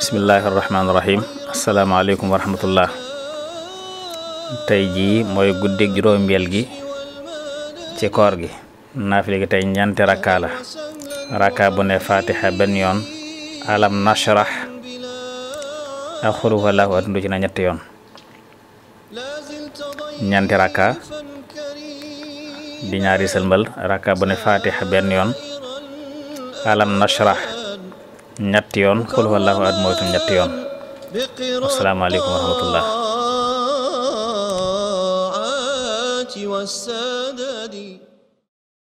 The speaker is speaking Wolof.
bismillaahi rahmaani rahiim asalaamaaleykum wa rahmatullah tey jii mooy guddeeg juróom-beel gi ci koor gi naafile gi tey ñeenti rakka la rakka bu ne fatiha benn yoon alam nashrah na ñetti yoon ñeenti rakka ñaari sëlmal rakka bu ne yoon ñetti yoon xul wallaahu ahad mooy itam ñetti yoon asalaamaaleykum wa rahmatullah